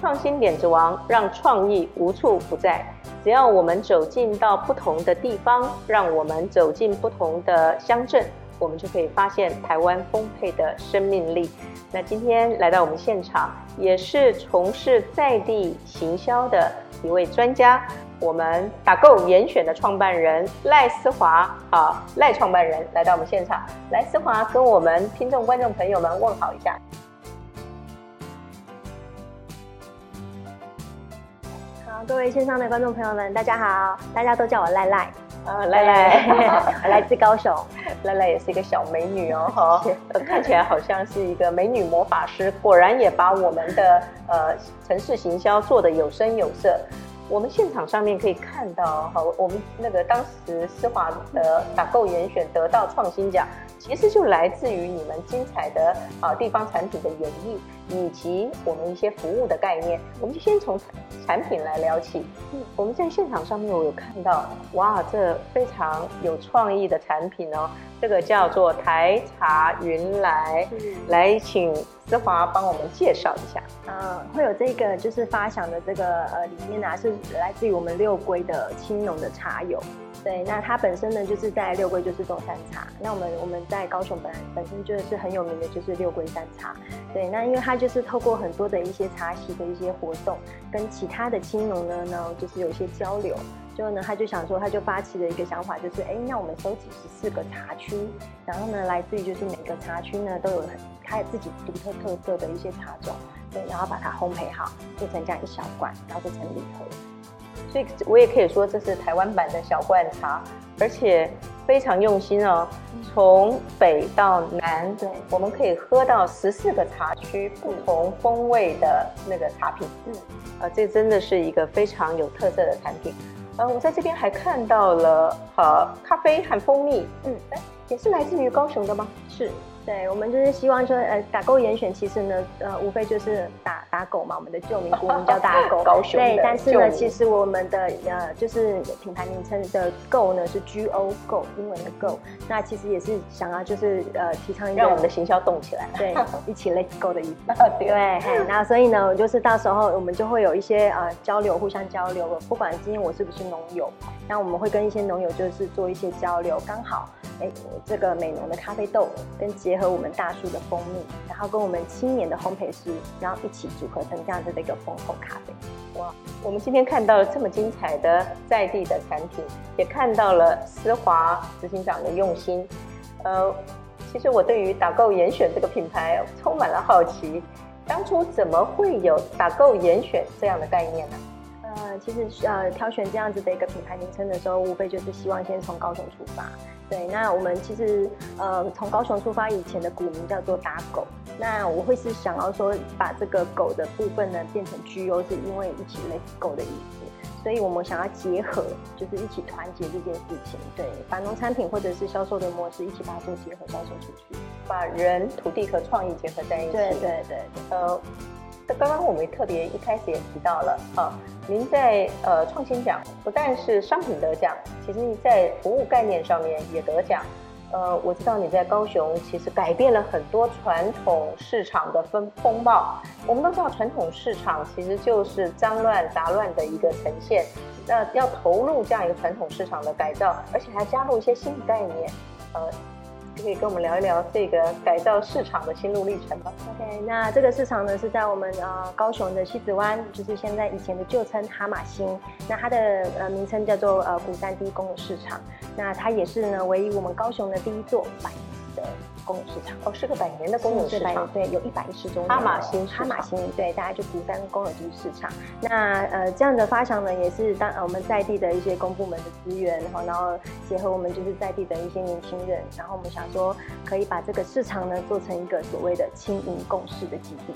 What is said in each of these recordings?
創新點子王，讓創意無處不在。只要我們走進到不同的地方，讓我們走進不同的鄉鎮，我們就可以發現台灣豐沛的生命力。那今天來到我們現場，也是從事在地行銷的一位專家，我們打 go 嚴選的創辦人賴思華啊，賴創辦人來到我們現場，賴思華跟我們聽眾觀眾朋友們問好一下。各位線上的觀眾朋友們，大家好！大家都叫我賴賴，啊、哦，賴賴， 來自高雄，賴 賴也是一個小美女哦， 哦，看起來好像是一個美女魔法師，果然也把我們的呃城市行銷做得有聲有色。我們現場上面可以看到，好，我們那個當時施華德打 go 嚴選得到創新獎。嗯其實就來自於你們精彩的啊地方產品的演繹，以及我們一些服務的概念。我們就先從產品來聊起。嗯，我們在現場上面我有看到，哇，這非常有創意的產品哦。這個叫做台茶雲來，嗯，來請。德華、啊、幫我們介紹一下，呃，會有這個就是發想的這個呃裡面呢、啊、是來自於我們六龜的青農的茶友，對，那它本身呢就是在六龜就是這種山茶，那我們我們在高雄本來本身就是很有名的就是六龜山茶，對，那因為它就是透過很多的一些茶席的一些活動，跟其他的青農呢呢就是有一些交流。之後呢，他就想說，他就發起了一個想法就是，哎，那我們收集十四個茶區，然後呢，來自於就是每個茶區呢都有很它自己獨特特色的一些茶種，對，然後把它烘焙好，做成這樣一小罐，然後做成禮盒。所以我也可以說這是台灣版的小罐茶，而且非常用心哦。從北到南，對、嗯，我們可以喝到十四個茶區不同風味的那個茶品。嗯、啊、呃，這真的是一個非常有特色的產品。呃、嗯，我在這邊還看到了，呃，咖啡和蜂蜜，嗯，哎，也是來自於高雄的嗎？嗯、是。對，我們就是希望說，呃，打 go 嚴選其實呢，呃，無非就是打打狗嘛，我們的舊名我們叫打狗，對，但是呢，其實我們的呃，就是品牌名稱的 go 呢是 go go，英文的 go，那其實也是想要就是呃，提倡一個讓我們的行銷動起來，對，一起 let's go 的意思 對，對，那所以呢，就是到時候我們就會有一些呃，交流，互相交流，不管今天我是不是農友。那我們會跟一些農友就是做一些交流，剛好哎、欸，這個美濃的咖啡豆跟結合我們大樹的蜂蜜，然後跟我們青年的烘焙師，然後一起組合成這樣子的一個烘焙咖啡。哇、wow.！我們今天看到了這麼精彩的在地的產品，也看到了施華執行長的用心。呃，其實我對於打 go 嚴選這個品牌充滿了好奇，當初怎麼會有打 go 嚴選這樣的概念呢？就是呃，挑選這樣子的一個品牌名稱的時候，無非就是希望先從高雄出發。對，那我們其實呃，從高雄出發以前的古名叫做打狗。那我會是想要說，把這個狗的部分呢變成 go，是因為一起 let's go 的意思。所以我們想要結合，就是一起團結這件事情。對，把農產品或者是銷售的模式一起把它做結合銷售出去，把人、土地和創意結合在一起。對對對，呃 so...。剛剛我們特別一開始也提到了啊、呃，您在呃創新獎不但是商品得獎，其實你在服務概念上面也得獎。呃，我知道你在高雄其實改變了很多傳統市場的風風貌。我們都知道傳統市場其實就是髒亂雜亂的一個呈現，那要投入這樣一個傳統市場的改造，而且還加入一些新的概念，呃。可以跟我們聊一聊這個改造市場的心路歷程吧。OK，那這個市場呢是在我們啊、呃、高雄的西子灣，就是現在以前的舊稱哈馬星。那它的呃名稱叫做呃古山第一公有市場。那它也是呢唯一我們高雄的第一座百。公有市場哦，是個百年的公有市場，對，有一百一十週年。哈馬星，哈馬星，對，大家就獨佔公有地市場。那呃，這樣的發展呢，也是當、呃、我們在地的一些公部門的資源，然後，然後結合我們就是在地的一些年輕人，然後我們想說，可以把這個市場呢做成一個所謂的青銀共事的基地。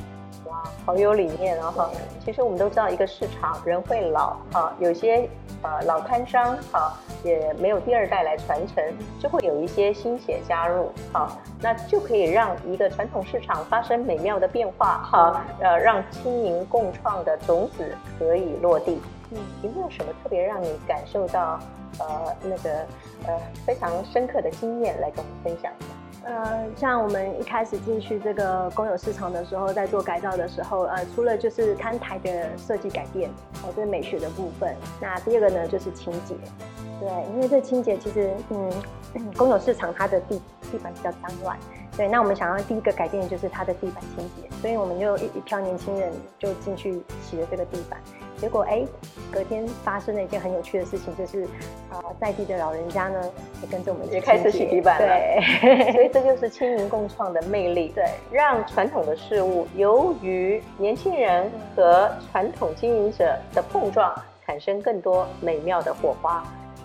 哇，好有理念啊、哦！哈，其實我們都知道，一個市場人會老啊，有些呃、啊、老攤商哈、啊、也沒有第二代來傳承，就會有一些新血加入啊。那就可以讓一個傳統市場發生美妙的變化，哈、wow.，呃，讓經營共創的種子可以落地。嗯，有沒有什麼特別讓你感受到，呃，那個呃非常深刻的經驗來跟我們分享？呃像我們一開始進去這個公有市場的時候，在做改造的時候，呃，除了就是攤檯的設計改變，哦、呃，這、就是、美學的部分。那第二個呢，就是清潔。對，因為這清潔其實，嗯，公有市場它的地。地板比較髒亂，對，那我們想要第一個改變的就是它的地板清潔，所以我們就一一票年輕人就進去洗了這個地板，結果哎，隔天發生了一件很有趣的事情，就是啊、呃，在地的老人家呢也跟着我們一起也開始洗地板，對， 所以這就是青銀共創的魅力，對，讓傳統的事物由於年輕人和傳統經營者的碰撞，產生更多美妙的火花。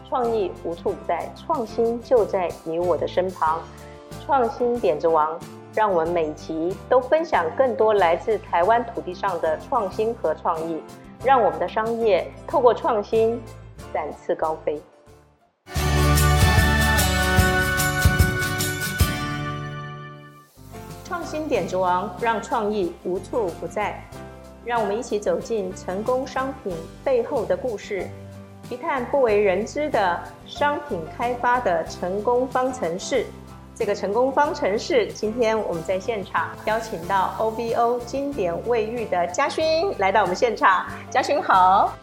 創意無處不在，創新就在你我的身旁。創新點子王，讓我們每集都分享更多來自台灣土地上的創新和創意，讓我們的商業透過創新展翅高飛。創新點子王，讓創意無處不在。讓我們一起走進成功商品背後的故事。一探不為人知的商品開發的成功方程式。這個成功方程式，今天我們在現場邀請到 OBO 京典衛浴的嘉勳來到我們現場。嘉勳好，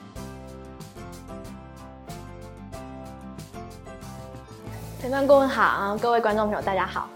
前方顧問好，各位觀眾朋友大家好。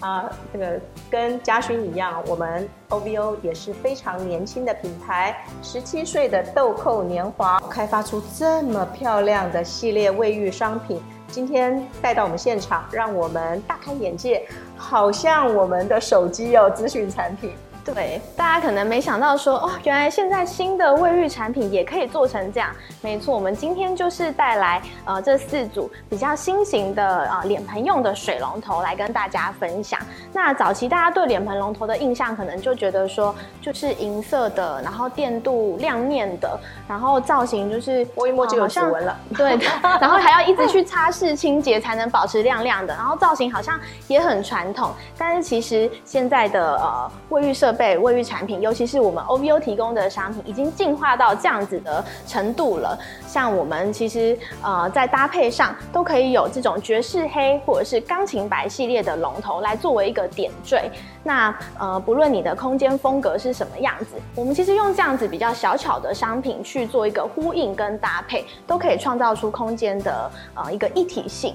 啊，這個跟嘉勳一樣，我們 O V O 也是非常年輕的品牌，十七歲的豆蔻年華，開發出這麼漂亮的系列衛浴商品，今天帶到我們現場，讓我們大開眼界，好像我們的手機要諮詢產品。對，大家可能沒想到說，哦，原來現在新的衛浴產品也可以做成這樣。沒錯，我們今天就是帶來呃這四組比較新型的啊、呃、臉盆用的水龍頭來跟大家分享。那早期大家對臉盆龍頭的印象，可能就覺得說，就是銀色的，然後電鍍亮面的，然後造型就是，摸一摸就有指紋了， 對的，然後還要一直去擦拭清潔才能保持亮亮的，然後造型好像也很傳統，但是其實現在的呃衛浴設備衛浴產品，尤其是我們 OVO 提供的商品，已經進化到這樣子的程度了。像我們其實呃在搭配上，都可以有這種爵士黑或者是鋼琴白系列的龍頭來作為一個點綴。那呃不論你的空間風格是什麼樣子，我們其實用這樣子比較小巧的商品去做一個呼應跟搭配，都可以創造出空間的呃一個一體性。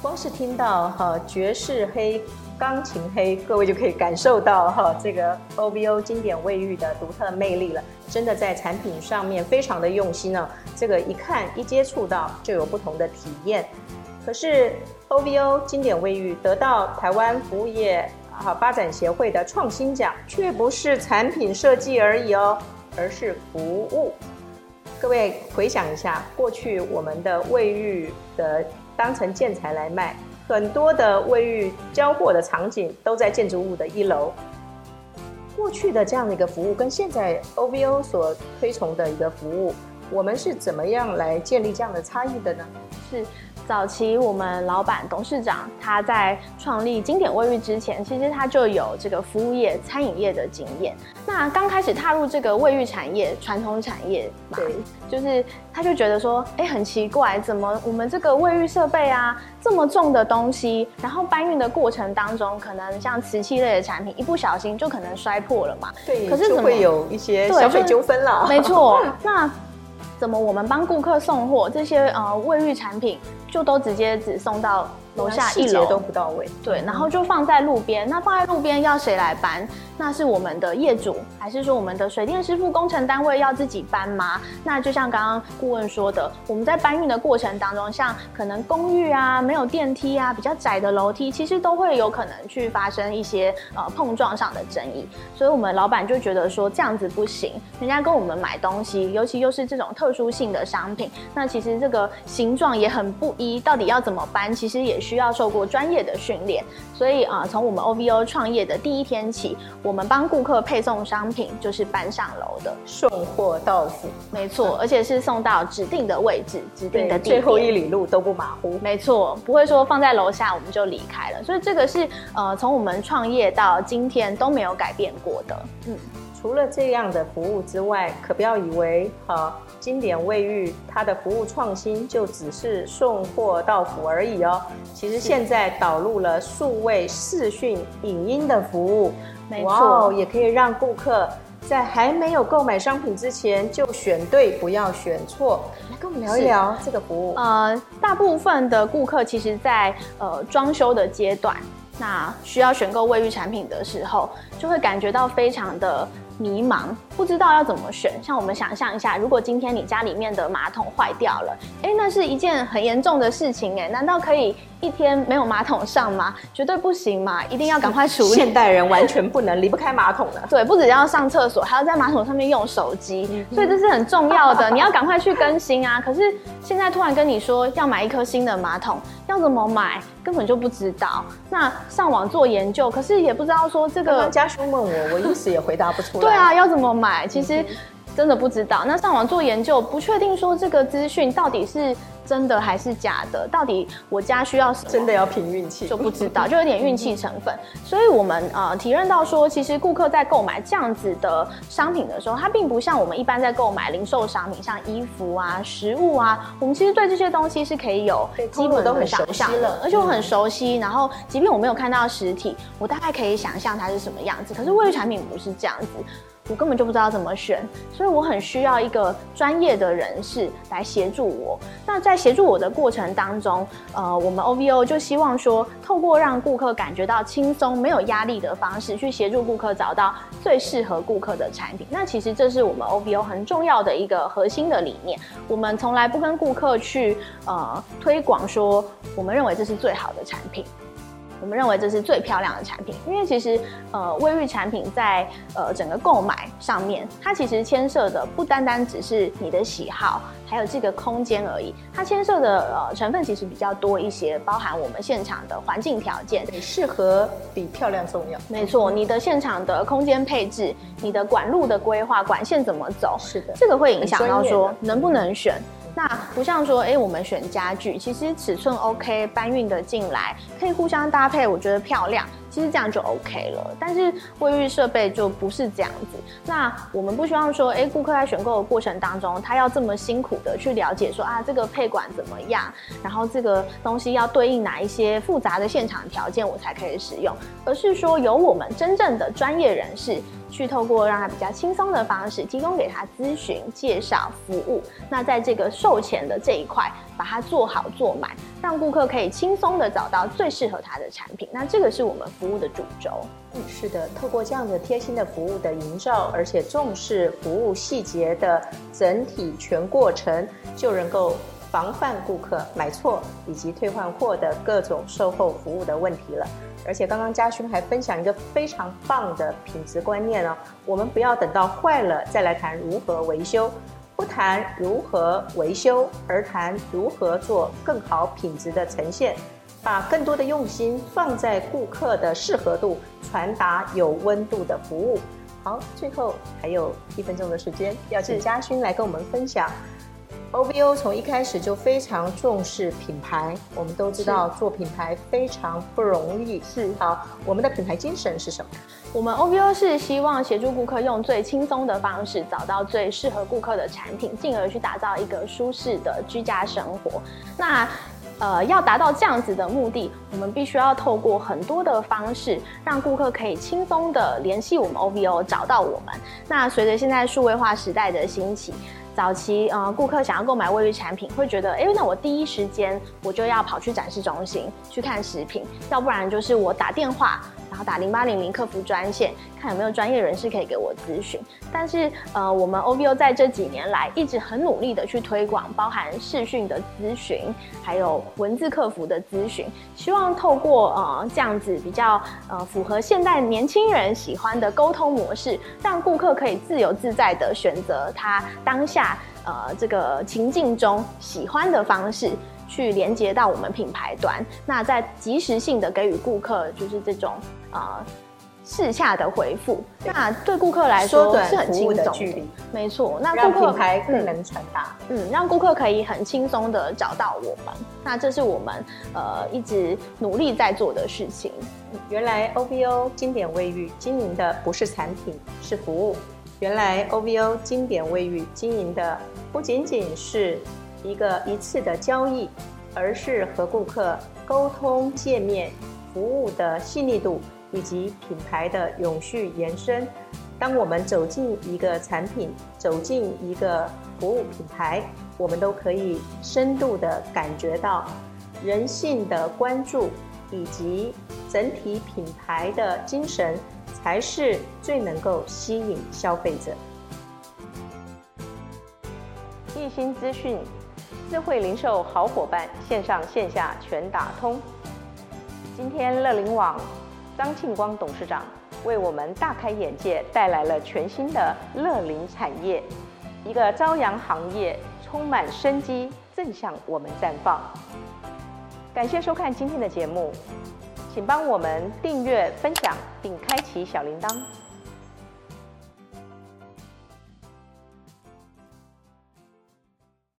光是聽到和、呃、爵士黑。鋼琴黑，各位就可以感受到哈，這個 OVO 京典衛浴的獨特魅力了。真的在產品上面非常的用心呢、啊，這個一看一接觸到就有不同的體驗。可是 OVO 京典衛浴得到台灣服務業啊發展協會的創新獎，卻不是產品設計而已哦，而是服務。各位回想一下，過去我們的衛浴的當成建材來賣。很多的衛浴交貨的場景都在建築物的一樓。過去的這樣的一個服務，跟現在 OVO 所推崇的一個服務，我們是怎麼樣來建立這樣的差異的呢？是。早期我們老板董事長，他在創立京典衛浴之前，其實他就有這個服務業、餐飲業的經驗。那剛開始踏入這個衛浴產業、傳統產業嘛，對，就是他就覺得說，哎，很奇怪，怎麼我們這個衛浴設備啊，這麼重的東西，然後搬運的過程當中，可能像瓷器類的產品，一不小心就可能摔破了嘛。對，可是怎麼會有一些消費糾紛了。就是、沒錯， 那。怎麼？我們幫顧客送貨，這些呃衛浴產品就都直接只送到。樓下一樓都不到位，對，然後就放在路邊。那放在路邊要誰來搬？那是我們的業主，還是說我們的水電師傅、工程單位要自己搬嗎？那就像剛剛顧問說的，我們在搬運的過程當中，像可能公寓啊沒有電梯啊，比較窄的樓梯，其實都會有可能去發生一些呃碰撞上的爭議。所以我們老闆就覺得說這樣子不行，人家跟我們買東西，尤其又是這種特殊性的商品，那其實這個形狀也很不一，到底要怎麼搬？其實也。需要受過專業的訓練，所以啊、呃，從我們 OVO 創業的第一天起，我們幫顧客配送商品就是搬上樓的，送貨到府，沒錯，而且是送到指定的位置，嗯、指定的地點，最後一里路都不馬虎，沒錯，不會說放在樓下我們就離開了，所以這個是呃，從我們創業到今天都沒有改變過的，嗯。除了這樣的服務之外，可不要以為哈、啊、京典衛浴它的服務創新就只是送貨到府而已哦。其實現在導入了數位視訊、影音的服務，沒錯，哇也可以讓顧客在還沒有購買商品之前就選對，不要選錯。來跟我們聊一聊這個服務。呃，大部分的顧客其實在呃裝修的階段，那需要選購衛浴產品的時候，就會感覺到非常的。迷茫。不知道要怎麼選，像我們想象一下，如果今天你家裡面的馬桶壞掉了，哎、欸，那是一件很嚴重的事情哎、欸，難道可以一天沒有馬桶上嗎？絕對不行嘛，一定要趕快處理。現代人完全不能離 不開馬桶的。對，不只要上廁所，還要在馬桶上面用手機、嗯，所以這是很重要的，你要趕快去更新啊。可是現在突然跟你說要買一顆新的馬桶，要怎麼買，根本就不知道。那上網做研究，可是也不知道說這個。剛剛家兄問我，我一時也回答不出來。 對啊，要怎麼買？哎，其實真的不知道，那上網做研究，不確定說這個資訊到底是真的還是假的，到底我家需要什麼，真的要憑運氣，就不知道，就有點運氣成分。所以，我們呃體認到說，其實顧客在購買這樣子的商品的時候，它並不像我們一般在購買零售商品，像衣服啊、食物啊，我們其實對這些東西是可以有，基本都很熟悉了，而且我很熟悉。然後，即便我沒有看到實體，我大概可以想象它是什麼樣子。可是衛浴產品不是這樣子。我根本就不知道怎麼選，所以我很需要一個專業的人士來協助我。那在協助我的過程當中，呃，我們 OVO 就希望說，透過讓顧客感覺到輕鬆、沒有壓力的方式，去協助顧客找到最適合顧客的產品。那其實這是我們 OVO 很重要的一個核心的理念。我們從來不跟顧客去呃推廣說，我們認為這是最好的產品。我們認為這是最漂亮的產品，因為其實，呃，衛浴產品在呃整個購買上面，它其實牽涉的不單單只是你的喜好，還有這個空間而已。它牽涉的呃成分其實比較多一些，包含我們現場的環境條件，適合比漂亮重要。沒錯，你的現場的空間配置，你的管路的規劃，管線怎麼走，是的，這個會影響到說能不能選。那不像說，哎、欸，我們選家具，其實尺寸 OK，搬運的進來，可以互相搭配，我覺得漂亮，其實這樣就 OK 了。但是衛浴設備就不是這樣子。那我們不希望說，哎、欸，顧客在選購的過程當中，他要這麼辛苦的去了解說，啊，這個配管怎麼樣，然後這個東西要對應哪一些複雜的現場條件，我才可以使用。而是說，由我們真正的專業人士。去透過讓他比較輕鬆的方式，提供給他諮詢、介紹、服務。那在這個售前的這一塊，把它做好做滿，讓顧客可以輕鬆地找到最適合他的產品。那這個是我們服務的主軸。嗯，是的，透過這樣的貼心的服務的營造，而且重視服務細節的整體全過程，就能夠。防範顧客買錯以及退換貨的各種售後服務的問題了。而且剛剛嘉勳還分享一個非常棒的品質觀念呢、哦，我們不要等到壞了再來談如何維修，不談如何維修，而談如何做更好品質的呈現，把更多的用心放在顧客的適合度，傳達有溫度的服務。好，最後還有一分鐘的時間，要請嘉勳來跟我們分享。OVO 從一開始就非常重視品牌。我們都知道做品牌非常不容易。是。是，好，我們的品牌精神是什麼？我們 OVO 是希望協助顧客用最輕鬆的方式找到最適合顧客的產品，進而去打造一個舒適的居家生活。那呃，要達到這樣子的目的，我們必須要透過很多的方式，讓顧客可以輕鬆地聯繫我們 OVO，找到我們。那隨着現在數位化時代的興起，早期，呃，顧客想要購買衛浴產品，會覺得，哎，那我第一時間我就要跑去展示中心去看樣品，要不然就是我打電話。然後打零八零零客服專線，看有沒有專業人士可以給我諮詢。但是，呃，我們 OVO 在這幾年來一直很努力的去推廣，包含視訊的諮詢，還有文字客服的諮詢，希望透過呃這樣子比較呃符合現代年輕人喜歡的溝通模式，讓顧客可以自由自在的選擇他當下呃這個情境中喜歡的方式。去連接到我們品牌端，那在即時性的給予顧客，就是這種啊私下的回復，對，那對顧客來說，說的是很輕鬆的，的距離，沒錯。那顧客讓品牌更能傳達，嗯，嗯，讓顧客可以很輕鬆的找到我們。那這是我們呃一直努力在做的事情。原來 OVO 京典衛浴經營的不是產品，是服務。原來 OVO 京典衛浴經營的不僅僅是。一個一次的交易，而是和顧客溝通、見面、服務的細膩度以及品牌的永續延伸。當我們走進一個產品，走進一個服務品牌，我們都可以深度的感覺到人性的關注，以及整體品牌的精神，才是最能夠吸引消費者。易星資訊。智慧零售好夥伴，線上線下全打通。今天樂齡網張慶光董事長為我們大開眼界，帶來了全新的樂齡產業，一個朝陽行業，充滿生機，正向我們綻放。感謝收看今天的節目，請幫我們訂閱、分享並開啟小鈴鐺。